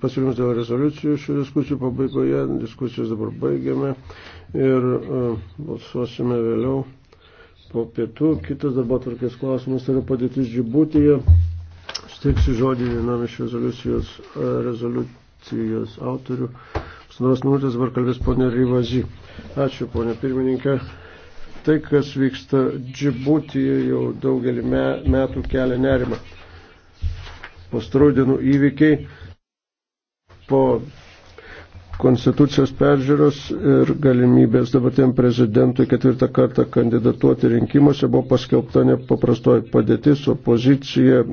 pasiūlymus dėl rezoliucijų šių diskusijų pabaigoje. Diskusijos dabar baigiame ir e, balsuosime vėliau po pietų. Kitas darbo tvarkės klausimas yra padėtis Džibutėje. Steiksiu žodį vienam iš rezoliucijos, e, rezoliucijos autorių. Pusantros minutės dabar kalbės ponė Rivazy. Ačiū ponė pirmininkė. Tai, kas vyksta Džibutėje jau daugelį metų kelia nerimą. Pastarų dienų įvykiai po konstitucijos peržiūros ir galimybės dabartiniam prezidentui ketvirtą kartą kandidatuoti rinkimuose buvo paskelbta nepaprastoji padėtis, opozicija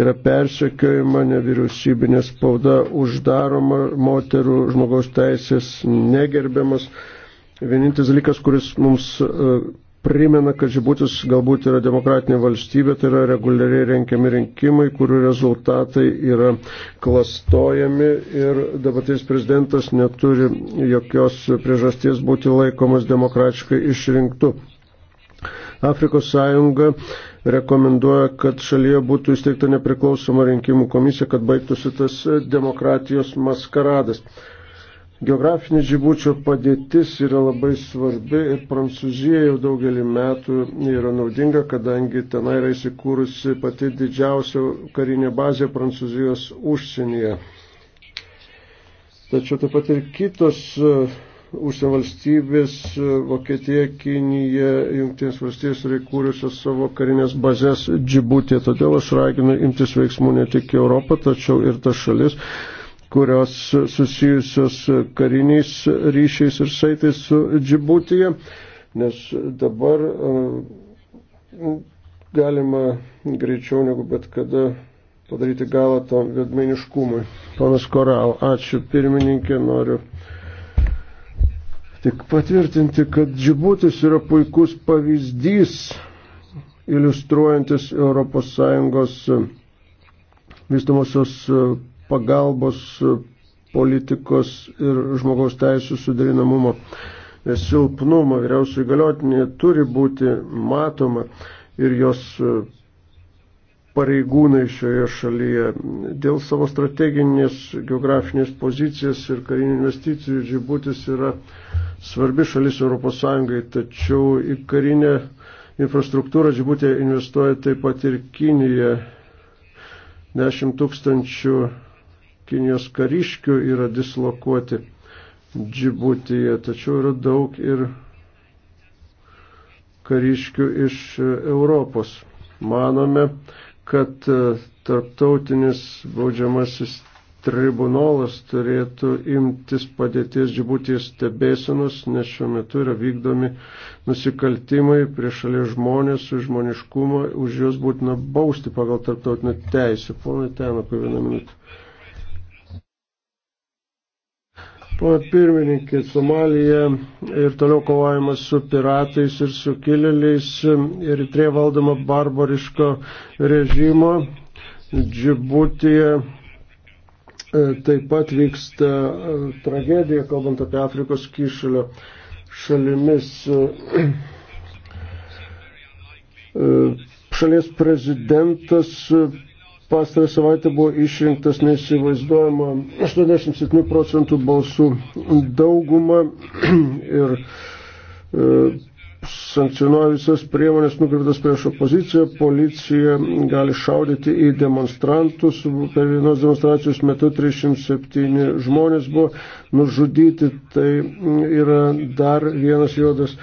yra persekiojama, nevyriausybinė spauda uždaroma, moterų žmogaus teisės negerbiamas. Vienintelis dalykas, kuris mums e, primena, kad Džibutis galbūt yra demokratinė valstybė, tai yra reguliariai renkiami rinkimai, kurių rezultatai yra klastojami ir dabartinis prezidentas neturi jokios priežasties būti laikomas demokratiškai išrinktu. Afrikos sąjunga rekomenduoja, kad šalyje būtų įsteigta nepriklausoma rinkimų komisija, kad baigtųsi tas demokratijos maskaradas. Geografinė džibučio padėtis yra labai svarbi ir Prancūzija jau daugelį metų yra naudinga, kadangi tenai yra įsikūrusi pati didžiausia karinė bazė Prancūzijos užsienyje. Tačiau taip pat ir kitos e, užsienio valstybės, e, Vokietija, Kinija, Junktinės valstybės yra įkūrusios savo karinės bazės džibutė. Todėl aš raginu imtis veiksmų ne tik Europą, tačiau ir tas šalis kurios susijusios kariniais ryšiais ir saitais su Džibutija, nes dabar e, galima greičiau negu bet kada padaryti galą tam vedmeniškumui. Panas Koral, ačiū pirmininkė, noriu tik patvirtinti, kad Džibutis yra puikus pavyzdys iliustruojantis ES vystamosios pagalbos e, politikos ir žmogaus teisų suderinamumo e, silpnumo. Vyriausiai galiotinė turi būti matoma ir jos e, pareigūnai šioje šalyje dėl savo strateginės geografinės pozicijos ir karinių investicijų Džibutis yra svarbi šalis ES, tačiau į karinę infrastruktūrą Džibutė investuoja taip pat ir Kinija 10 tūkstančių 000 Kinijos kariškių yra dislokuoti Džibutyje, tačiau yra daug ir kariškių iš e, Europos. Manome, kad e, tarptautinis baudžiamasis tribunolas turėtų imtis padėties džibuties stebėsenos, nes šiuo metu yra vykdomi nusikaltimai prieš šalia žmonės, už žmoniškumą, už juos būtina bausti pagal tarptautinę teisę. Ponai Tenokui vieną minutę. Pana pirmininkė, Somalija ir toliau kovojamas su piratais ir sukilėliais ir trie valdoma barbariško režimo. Džibutėje e, taip pat vyksta e, tragedija, kalbant apie Afrikos kyšulio šalimis. E, šalies prezidentas pastarą savaitę buvo išrinktas neįsivaizduojama 87 procentų balsų dauguma ir e, sankcionuoja visas priemonės nukreiptas prieš opoziciją, policija gali šaudyti į demonstrantus, per vienos demonstracijos metu 307 žmonės buvo nužudyti, tai yra dar vienas juodas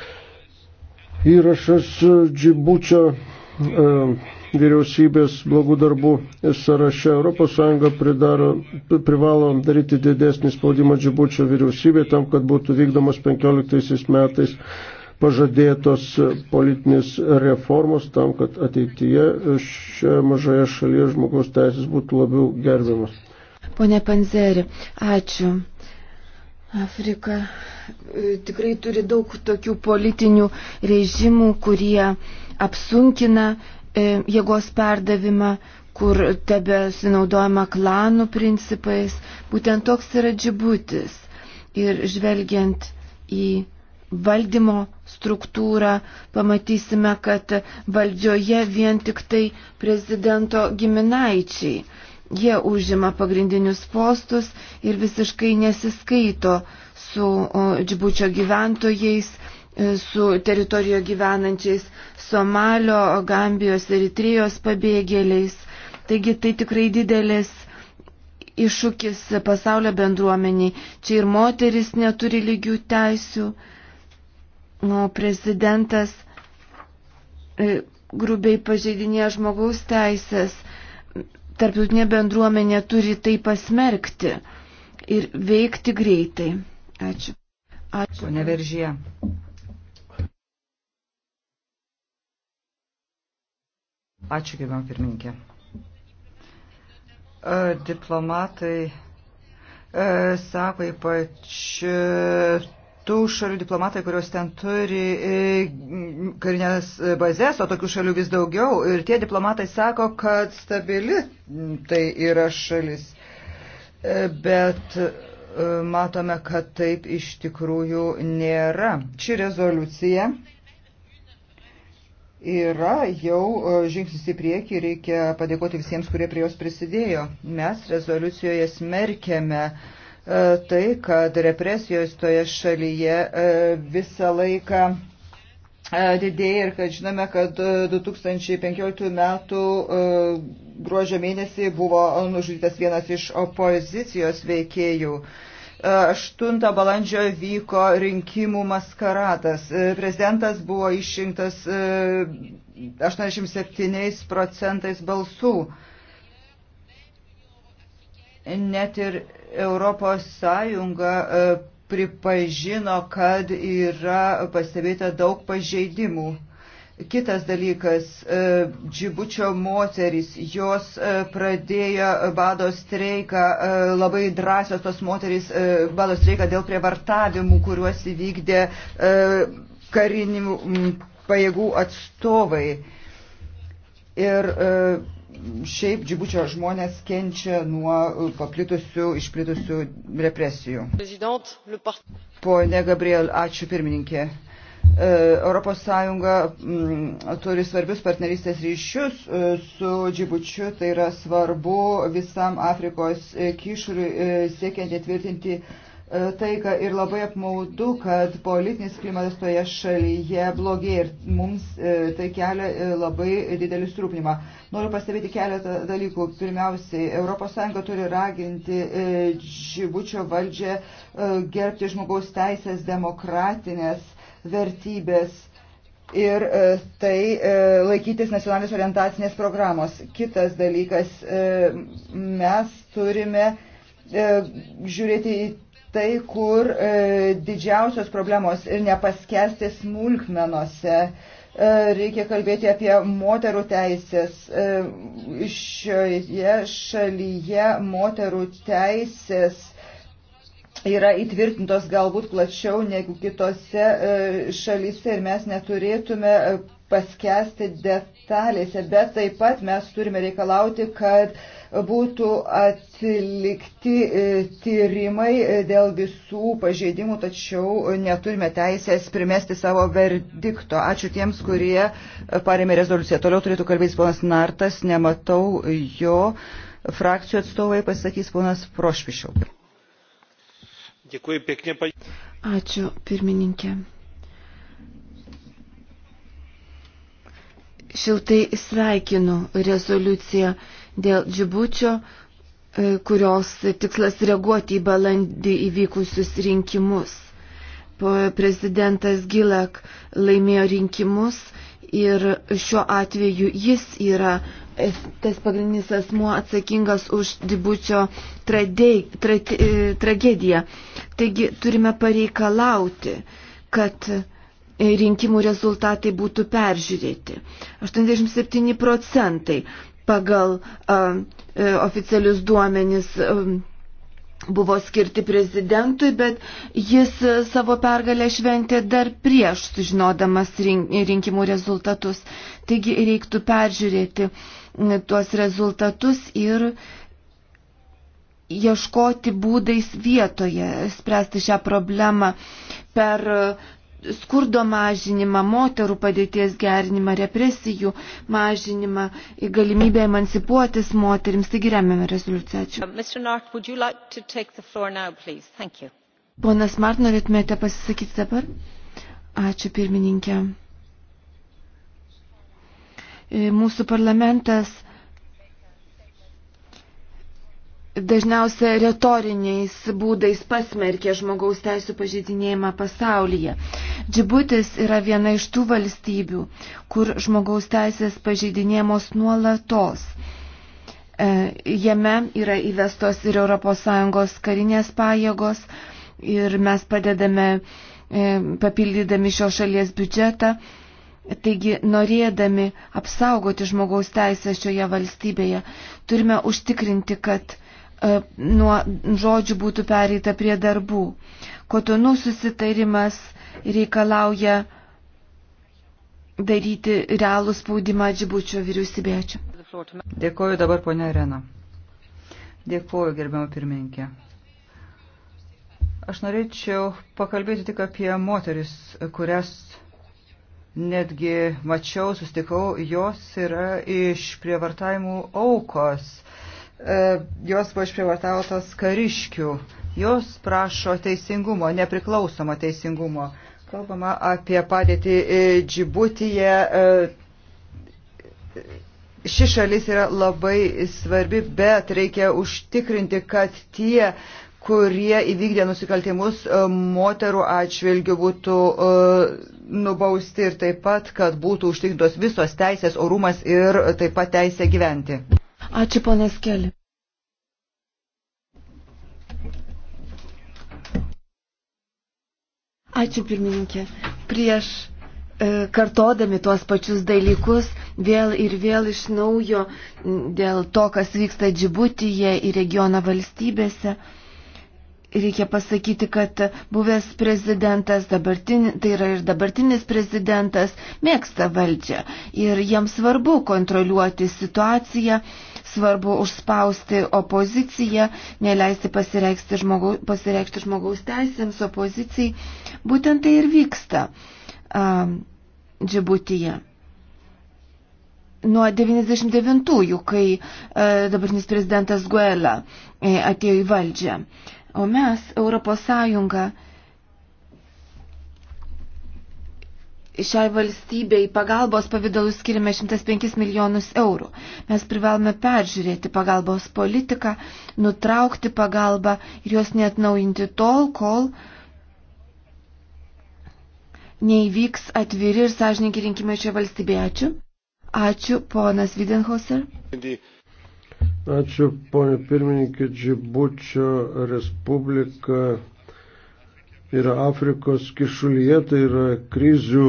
įrašas džibučio e, vyriausybės blogų darbų sąraše. ES pridaro, privalo daryti didesnį spaudimą džibučio vyriausybė tam, kad būtų vykdomas 15 metais pažadėtos politinės reformos tam, kad ateityje šioje mažoje šalyje žmogaus teisės būtų labiau gerbiamas. Pone Panzeri, ačiū. Afrika e, tikrai turi daug tokių politinių režimų, kurie apsunkina E, jėgos perdavimą, kur tebe sinaudojama klanų principais. Būtent toks yra džibutis. Ir žvelgiant į valdymo struktūrą, pamatysime, kad valdžioje vien tik tai prezidento giminaičiai. Jie užima pagrindinius postus ir visiškai nesiskaito su džibučio gyventojais E, su teritorijoje gyvenančiais Somalio, Gambijos ir Itrijos pabėgėliais. Taigi tai tikrai didelis iššūkis pasaulio bendruomeniai. Čia ir moteris neturi lygių teisių. O prezidentas e, grubiai pažeidinėja žmogaus teisės. Tarptautinė bendruomenė turi tai pasmerkti ir veikti greitai. Ačiū. Ačiū. Neveržyje. Ačiū, gerbiam pirmininkė. E, diplomatai e, sako ypač e, tų šalių diplomatai, kurios ten turi karinės bazės, o tokių šalių vis daugiau. Ir tie diplomatai sako, kad stabili tai yra šalis. Bet matome, kad taip iš tikrųjų nėra. Ši rezoliucija yra jau e, žingsnis į priekį ir reikia padėkoti visiems, kurie prie jos prisidėjo. Mes rezoliucijoje smerkėme e, tai, kad represijos toje šalyje e, visą laiką didėja ir kad žinome, kad 2015 metų gruožio mėnesį buvo nužudytas vienas iš opozicijos veikėjų. 8 balandžio vyko rinkimų maskaradas. Prezidentas buvo išrinktas 87 e, procentais balsų. Net ir Europos Sąjunga e, pripažino, kad yra pastebėta daug pažeidimų Kitas dalykas, e, džibučio moteris, jos e, pradėjo bado streiką, e, labai drąsios tos moteris bado streiką dėl prievartavimų, kuriuos įvykdė karinių pajėgų atstovai. Ir šiaip džibučio žmonės kenčia nuo paplitusių, išplitusių represijų. Pone Gabriel, ačiū pirmininkė E, Europos Sąjunga mm, turi svarbius partnerystės ryšius e, su Džibučiu, tai yra svarbu visam Afrikos e, kišuriui siekiant įtvirtinti taiką ir labai apmaudu, kad politinis klimatas toje šalyje blogėja ir mums tai kelia labai didelį surūpinimą. Noriu pastebėti keletą dalykų. Pirmiausiai, ES turi raginti Džibučio valdžią gerbti žmogaus teisės, demokratinės vertybės ir e, tai e, laikytis nacionalinės orientacinės programos. Kitas dalykas, e, mes turime žiūrėti į tai, kur didžiausios problemos ir nepaskesti smulkmenose. Reikia kalbėti apie moterų teisės. Šioje šalyje moterų teisės yra įtvirtintos galbūt plačiau negu kitose e, šalyse ir mes neturėtume e, paskesti detalėse, bet taip pat mes turime reikalauti, kad būtų atlikti e, tyrimai dėl visų pažeidimų, tačiau neturime teisės primesti savo verdikto. Ačiū tiems, kurie parėmė rezoliuciją. Toliau turėtų kalbėti ponas Nartas, nematau jo. Frakcijų atstovai pasakys ponas Prošpišiau. Ačiū, pirmininkė. Šiltai sveikinu rezoliuciją dėl džibučio, e, kurios tikslas reaguoti į balandį įvykusius rinkimus. Prezidentas Gilak laimėjo rinkimus ir šiuo atveju jis yra e, tas pagrindinis asmuo atsakingas už Dibučio e, tragediją. Taigi turime pareikalauti, kad rinkimų rezultatai būtų peržiūrėti. 87 procentai pagal uh, oficialius duomenis uh, buvo skirti prezidentui, bet jis savo pergalę šventė dar prieš sužinodamas rinkimų rezultatus. Taigi reiktų peržiūrėti tuos rezultatus ir uh, ieškoti būdais vietoje, spręsti šią problemą per skurdo mažinimą, moterų padėties gerinimą, represijų mažinimą, galimybę emancipuotis moterims. Taigi remiame rezoliuciją. Ačiū. Uh, like Ponas Mart, norėtumėte pasisakyti dabar? Ačiū pirmininkė. E, mūsų parlamentas dažniausia retoriniais būdais pasmerkė žmogaus teisų pažeidinėjimą pasaulyje. Džibutis yra viena iš tų valstybių, kur žmogaus teisės pažeidinėjamos nuolatos. E, jame yra įvestos ir ES karinės pajėgos ir mes padedame e, papildydami šios šalies biudžetą. Taigi, norėdami apsaugoti žmogaus teisę šioje valstybėje, turime užtikrinti, kad uh, E, nuo žodžių būtų pereita prie darbų. Kotonų susitarimas reikalauja daryti realų spaudimą džibučio vyriausybėčių. Dėkoju dabar ponia Arena. Dėkoju gerbiamą pirmininkę. Aš norėčiau pakalbėti tik apie moteris, kurias netgi mačiau, sustikau, jos yra iš prievartavimų aukos E, jos buvo išprivartautos kariškių. Jos prašo teisingumo, nepriklausomo teisingumo. Kalbama apie padėtį e, Džibutyje. E, ši šalis yra labai svarbi, bet reikia užtikrinti, kad tie, kurie įvykdė nusikaltimus moterų atžvilgių būtų nubausti ir taip pat, kad būtų užtikrintos visos teisės, orumas ir taip pat teisė gyventi. Ačiū, ponas Keli. Ačiū, pirmininkė. Prieš e, kartodami tuos pačius dalykus vėl ir vėl iš naujo dėl to, kas vyksta Džibutyje ir regiono valstybėse. Reikia pasakyti, kad buvęs prezidentas, tai yra ir dabartinis prezidentas, mėgsta valdžią ir jiems svarbu kontroliuoti situaciją Svarbu užspausti opoziciją, neleisti pasireikšti, žmogau, pasireikšti žmogaus teisėms opozicijai. Būtent tai ir vyksta um, Džibutyje. Nuo 99-ųjų, kai e, dabartinis prezidentas Guela e, atėjo į valdžią. O mes, Europos Sąjunga, e, šiai valstybei pagalbos pavydalų skirime 105 milijonus eurų. Mes privalome peržiūrėti pagalbos politiką, nutraukti pagalbą ir jos net naujinti tol, kol neįvyks atviri ir sąžininkai rinkimai šioje valstybėje. Ačiū. Ačiū, ponas Videnhauser. Ačiū, ponė pirmininkė, Džibučio Respublika yra Afrikos kišulyje, tai yra krizių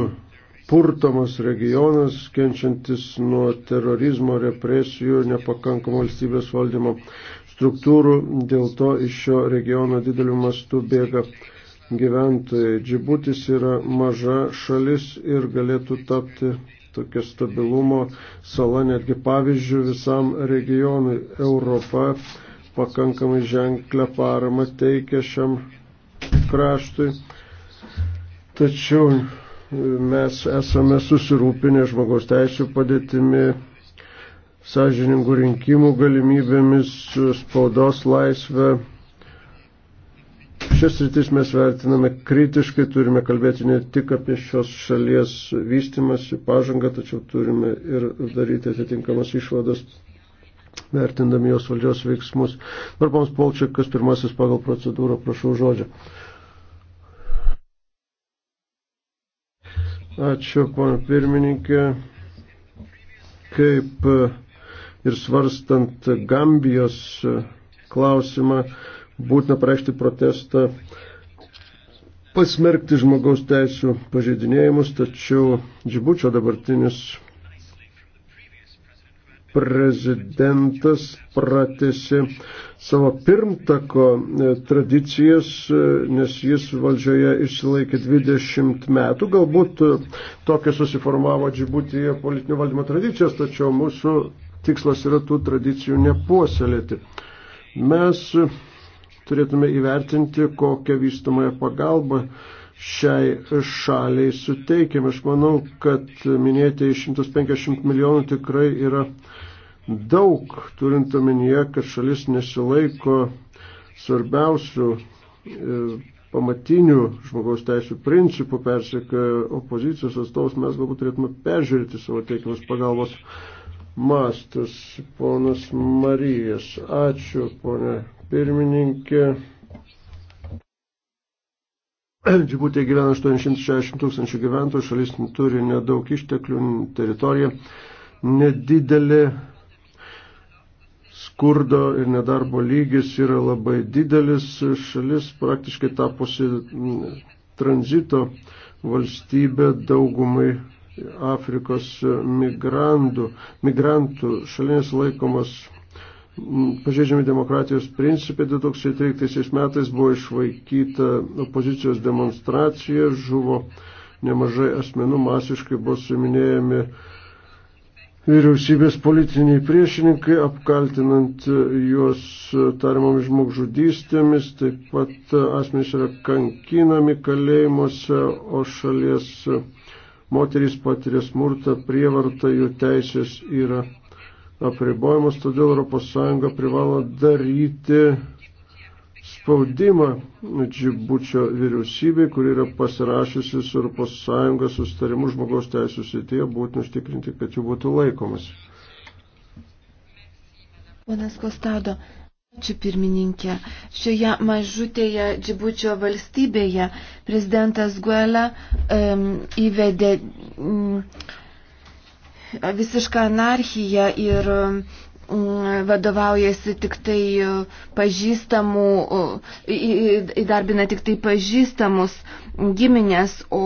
purtomas regionas, kenčiantis nuo terorizmo, represijų, nepakankamo valstybės valdymo struktūrų, dėl to iš šio regiono dideliu mastu bėga gyventojai. Džibutis yra maža šalis ir galėtų tapti tokia stabilumo sala netgi pavyzdžių visam regionui. Europa pakankamai ženklę paramą teikia šiam kraštui. Tačiau e, mes esame susirūpinę žmogaus teisų padėtimi, sąžiningų rinkimų galimybėmis, spaudos laisvę. Šias rytis mes vertiname kritiškai, turime kalbėti ne tik apie šios šalies vystimąsi, pažangą, tačiau turime ir daryti atitinkamas išvadas, vertindami jos valdžios veiksmus. Varpams Polčiakas, pirmasis pagal procedūrą, prašau žodžio. Ačiū, pana pirmininkė. Kaip e, ir svarstant Gambijos e, klausimą, būtina praeikšti protestą, pasmerkti žmogaus teisų pažeidinėjimus, tačiau Džibučio dabartinis prezidentas pratėsi savo pirmtako e, tradicijas, e, nes jis valdžioje išsilaikė 20 metų. Galbūt e, tokia susiformavo džibutyje politinio valdymo tradicijos, tačiau mūsų tikslas yra tų tradicijų nepuoselėti. Mes turėtume įvertinti, kokią vystamąją pagalbą šiai šaliai suteikiam. Aš manau, kad minėti 150 milijonų tikrai yra daug, turint omenyje, kad šalis nesilaiko svarbiausių e, pamatinių žmogaus teisų principų persieka opozicijos atstovus, mes galbūt turėtume peržiūrėti savo teikiamus pagalbos mastus. Ponas Marijas, ačiū, ponė pirmininkė. Džibutėje gyvena 860 tūkstančių gyventojų, šalis turi nedaug išteklių, teritorija nedidelė, skurdo ir nedarbo lygis yra labai didelis, šalis praktiškai tapusi mm, tranzito valstybė daugumai Afrikos migrantų. migrantų šalinės laikomas Mm, pažeidžiami demokratijos principai. 2013 metais buvo išvaikyta opozicijos demonstracija, žuvo nemažai asmenų, masiškai buvo suiminėjami vyriausybės politiniai priešininkai, apkaltinant juos tariamomis žmogžudystėmis, taip pat asmenys yra kankinami kalėjimuose, o šalies moterys patiria smurtą, prievartą, jų teisės yra apribojimus, todėl ES privalo daryti spaudimą Džibučio vyriausybei, kuri yra pasirašysi su ES sustarimu žmogaus teisų srityje, būtent užtikrinti, kad jų būtų laikomas. Ponas Kostado, ačiū pirmininkė. Šioje mažutėje Džibučio valstybėje prezidentas Guela um, įvedė um, visišką anarchiją ir mm, vadovaujasi tik tai mm, pažįstamų, mm, įdarbina tik tai pažįstamus giminės, o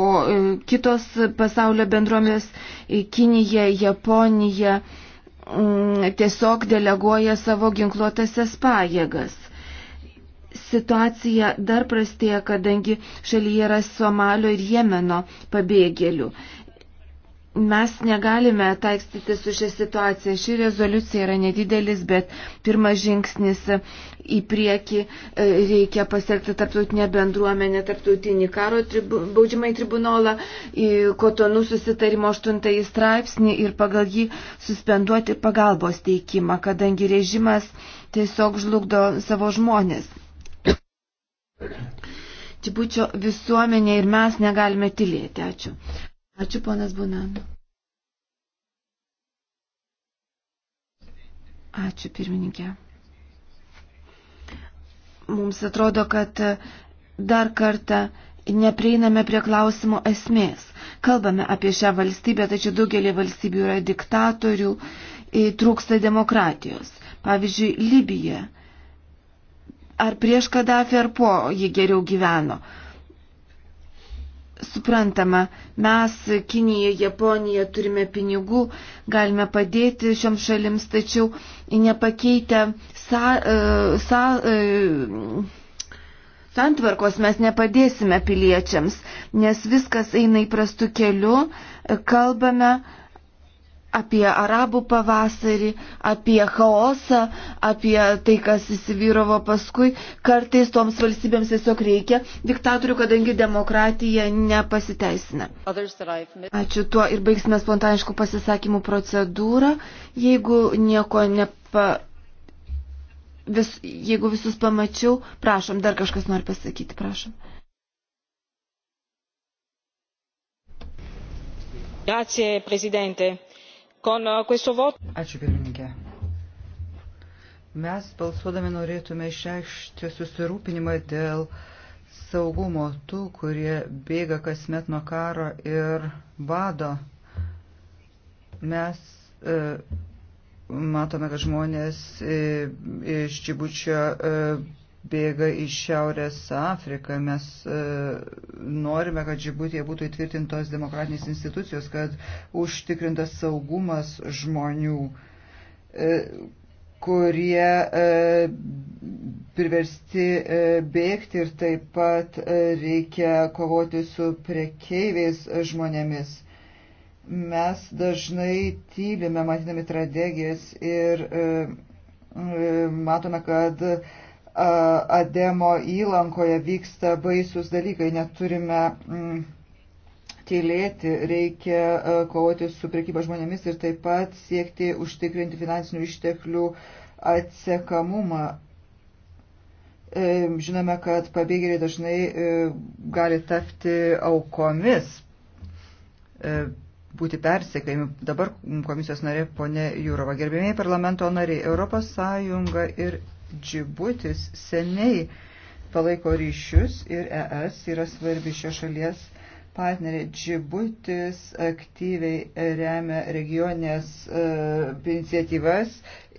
kitos pasaulio bendruomės Kinija, Japonija tiesiog deleguoja savo ginkluotasias pajėgas. Situacija dar prastėja, kadangi šalyje yra Somalio ir Jemeno pabėgėlių mes negalime taikstyti su šią situaciją. Ši rezoliucija yra nedidelis, bet pirmas žingsnis į priekį e, reikia pasiekti tarptautinę bendruomenę, tarptautinį karo tribu, baudžiamąjį tribunolą, kotonų susitarimo 8 straipsnį ir pagal jį suspenduoti pagalbos teikimą, kadangi režimas tiesiog žlugdo savo žmonės. Čibučio visuomenė ir mes negalime tylėti. Ačiū. Ačiū, ponas Bunanu. Ačiū, pirmininkė. Mums atrodo, kad dar kartą neprieiname prie klausimo esmės. Kalbame apie šią valstybę, tačiau daugelį valstybių yra diktatorių, trūksta demokratijos. Pavyzdžiui, Libija. Ar prieš Kadafį, ar po jį geriau gyveno. Suprantama, mes Kinija, Japonija turime pinigų, galime padėti šiom šalims, tačiau nepakeitę sa, e, sa, e, santvarkos mes nepadėsime piliečiams, nes viskas eina įprastu keliu, kalbame apie arabų pavasarį, apie chaosą, apie tai, kas įsivyravo paskui. Kartais toms valstybėms tiesiog reikia diktatorių, kadangi demokratija nepasiteisina. Ačiū tuo ir baigsime spontaniškų pasisakymų procedūrą. Jeigu nieko nepa. Vis, jeigu visus pamačiau, prašom, dar kažkas nori pasakyti, prašom. Grazie, Presidente Eh, Ačiū pirmininkė. Mes balsuodami norėtume išreikšti susirūpinimą dėl saugumo tų, kurie bėga kasmet nuo karo ir bado. Mes e, matome, kad žmonės e, iš Čibučio e, bėga į Šiaurės Afriką. Mes e, norime, kad Džibutėje būtų įtvirtintos demokratinės institucijos, kad užtikrintas saugumas žmonių, e, kurie e, priversti e, bėgti ir taip pat e, reikia kovoti su prekeiviais žmonėmis mes dažnai tylime, matydami tragedijas ir e, e, matome, kad e, Ademo įlankoje vyksta baisus dalykai, neturime mm, tylėti, reikia kovoti su prekyba žmonėmis ir taip pat siekti užtikrinti finansinių išteklių atsekamumą. E, žinome, kad pabėgėliai dažnai e, gali tapti aukomis, e, būti persekėjami. Dabar komisijos narė ponė Jūrova. Gerbėmiai parlamento nariai, ES ir Džibutis seniai palaiko ryšius ir ES yra svarbi šios šalies partnerė. Džibutis aktyviai remia regionės e, iniciatyvas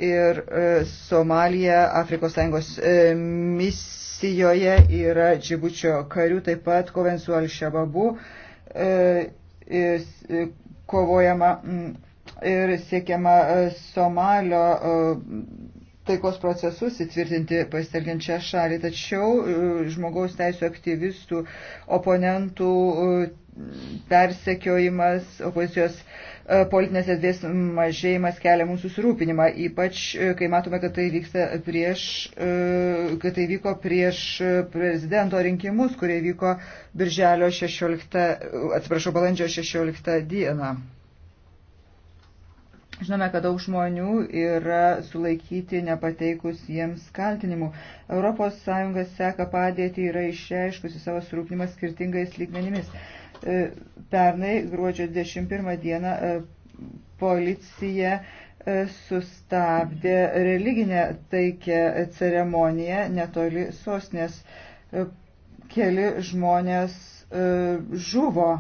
ir e, Somalija Afrikos Sąjungos e, misijoje yra Džibučio karių, taip pat kovent su Alšababu e, e, kovojama. M, Ir siekiama e, Somalio e, taikos procesus įtvirtinti pasitelkiant šią šalį, tačiau e, žmogaus teisų aktyvistų, oponentų e, persekiojimas, opozicijos e, politinės erdvės mažėjimas kelia mūsų susirūpinimą, ypač kai matome, kad tai, vyksta prieš, kad tai vyko prieš prezidento rinkimus, kurie vyko birželio 16, atsiprašau, balandžio 16 dieną. Žinome, kad daug žmonių yra sulaikyti nepateikus jiems kaltinimų. ES seka padėti yra išreiškusi savo surūpnimą skirtingais lygmenimis. E, pernai gruodžio 21 dieną e, policija e, sustabdė religinę taikę ceremoniją netoli sosnės. Keli žmonės žuvo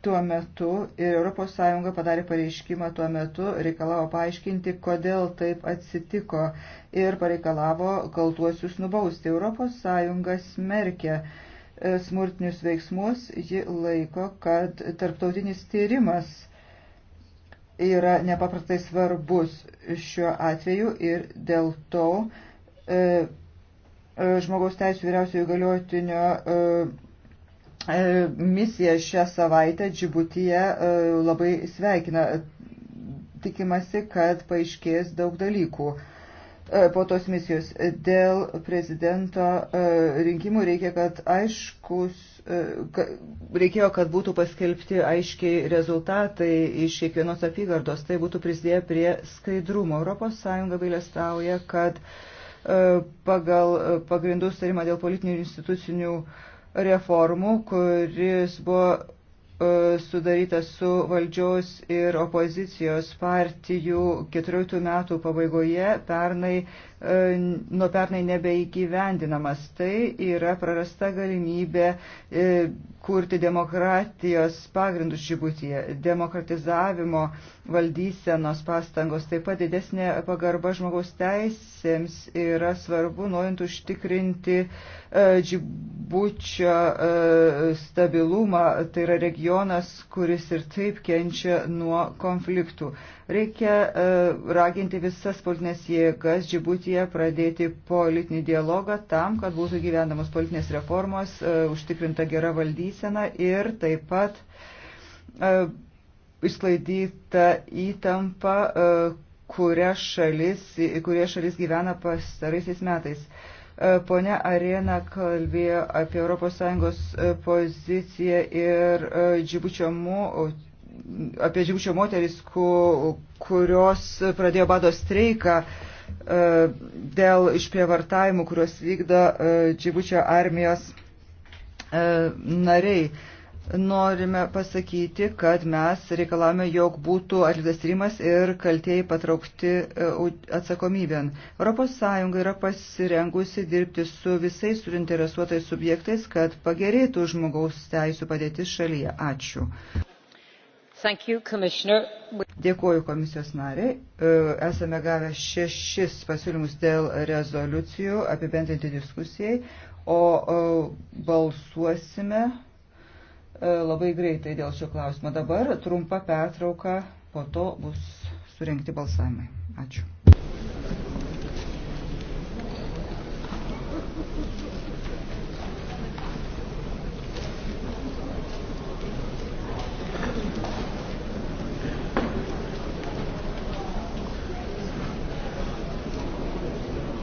tuo metu ir ES padarė pareiškimą tuo metu, reikalavo paaiškinti, kodėl taip atsitiko ir pareikalavo kaltuosius nubausti. ES smerkė e, smurtinius veiksmus, ji laiko, kad tarptautinis tyrimas yra nepaprastai svarbus šiuo atveju ir dėl to e, e žmogaus teisų vyriausiojo galiotinio e, E, misija šią savaitę Džibutyje e, labai sveikina. Tikimasi, kad paaiškės daug dalykų e, po tos misijos. Dėl prezidento rinkimų reikia, kad aiškus, reikėjo, kad būtų paskelbti aiškiai rezultatai iš kiekvienos apygardos. Tai būtų prisidėję prie skaidrumo. ES vailestauja, kad pagal pagrindų starimą dėl politinių ir institucinių reformų, kuris buvo e, sudarytas su valdžios ir opozicijos partijų 14 metų pabaigoje pernai E, nuo pernai nebeįgyvendinamas. Tai yra prarasta galimybė e, kurti demokratijos pagrindus Džibutyje, demokratizavimo valdysenos pastangos, taip pat didesnė pagarba žmogaus teisėms yra svarbu, norint užtikrinti e, Džibučio stabilumą. Tai yra regionas, kuris ir taip kenčia nuo konfliktų. Reikia e, raginti visas politinės jėgas Džibutyje pradėti politinį dialogą tam, kad būtų gyvenamos politinės reformos, e, užtikrinta gera valdysena ir taip pat e, išsklaidyta įtampa, kuria šalis, kurie šalis gyvena pastaraisiais metais. Pone Arena kalbėjo apie ES poziciją ir Džibučio mūtų apie žimčio moteris, ku, kurios pradėjo bado streiką e, dėl išprievartavimų, kuriuos vykdo Džibučio e, armijos e, nariai. Norime pasakyti, kad mes reikalame, jog būtų atliktas tyrimas ir kaltieji patraukti atsakomybėn. ES yra pasirengusi dirbti su visais surinteresuotais subjektais, kad pagerėtų žmogaus teisų padėtis šalyje. Ačiū. You, Dėkuoju komisijos nariai. E, esame gavę šešis pasiūlymus dėl rezoliucijų apibendrinti diskusijai, o e, balsuosime e, labai greitai dėl šio klausimo. Dabar trumpa pertrauka, po to bus surinkti balsavimai. Ačiū.